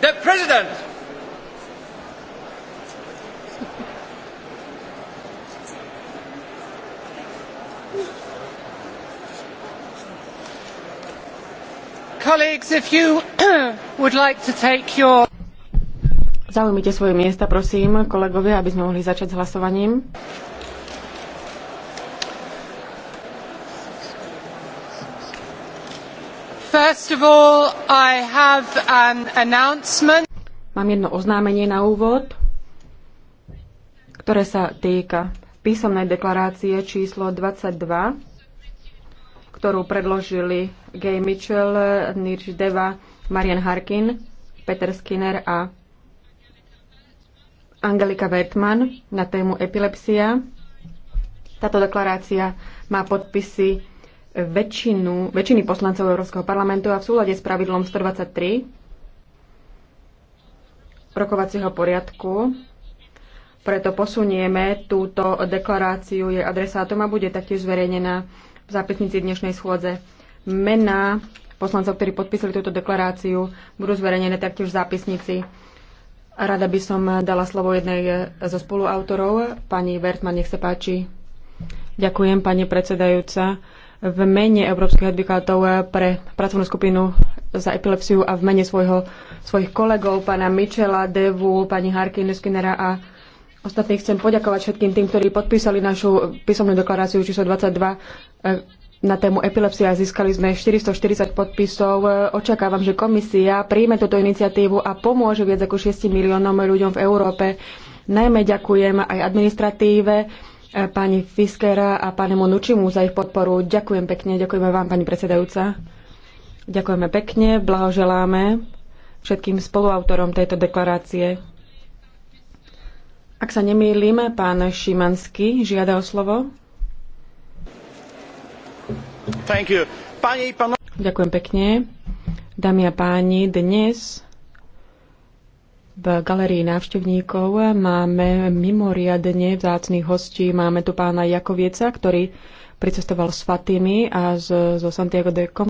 The President! Colleagues, if you would like to take your... Zaujmite svoje miesta, prosím, kolegovia, aby sme mohli začať s hlasovaním. Mám jedno oznámenie na úvod, ktoré sa týka písomnej deklarácie číslo 22, ktorú predložili Gay Mitchell, Nirj Deva, Marian Harkin, Peter Skinner a Angelika Wertmann na tému epilepsia. Táto deklarácia má podpisy väčšinu, väčšiny poslancov Európskeho parlamentu a v súlade s pravidlom 123 rokovacieho poriadku. Preto posunieme túto deklaráciu jej adresátom a bude taktiež zverejnená v zápisnici dnešnej schôdze. Mená poslancov, ktorí podpísali túto deklaráciu, budú zverejnené taktiež v zápisnici. Rada by som dala slovo jednej zo spoluautorov, pani Vertman, nech sa páči. Ďakujem, pani predsedajúca v mene európskych advokátov pre pracovnú skupinu za epilepsiu a v mene svojho, svojich kolegov, pána Michela, Devu, pani Harkin, Skinnera a ostatných chcem poďakovať všetkým tým, ktorí podpísali našu písomnú deklaráciu číslo 22 eh, na tému epilepsia. Získali sme 440 podpisov. Očakávam, že komisia príjme túto iniciatívu a pomôže viac ako 6 miliónom ľuďom v Európe. Najmä ďakujem aj administratíve, E, pani Fiskera a pánemu Nučimu za ich podporu. Ďakujem pekne, ďakujeme vám, pani predsedajúca. Ďakujeme pekne, blahoželáme všetkým spoluautorom tejto deklarácie. Ak sa nemýlim, pán Šimanský žiada o slovo. Thank you. Pani, Ďakujem pekne. Dámy a páni, dnes v galerii návštevníkov máme mimoriadne vzácných hostí. Máme tu pána Jakovieca, ktorý pricestoval s Fatimi a zo Santiago de Com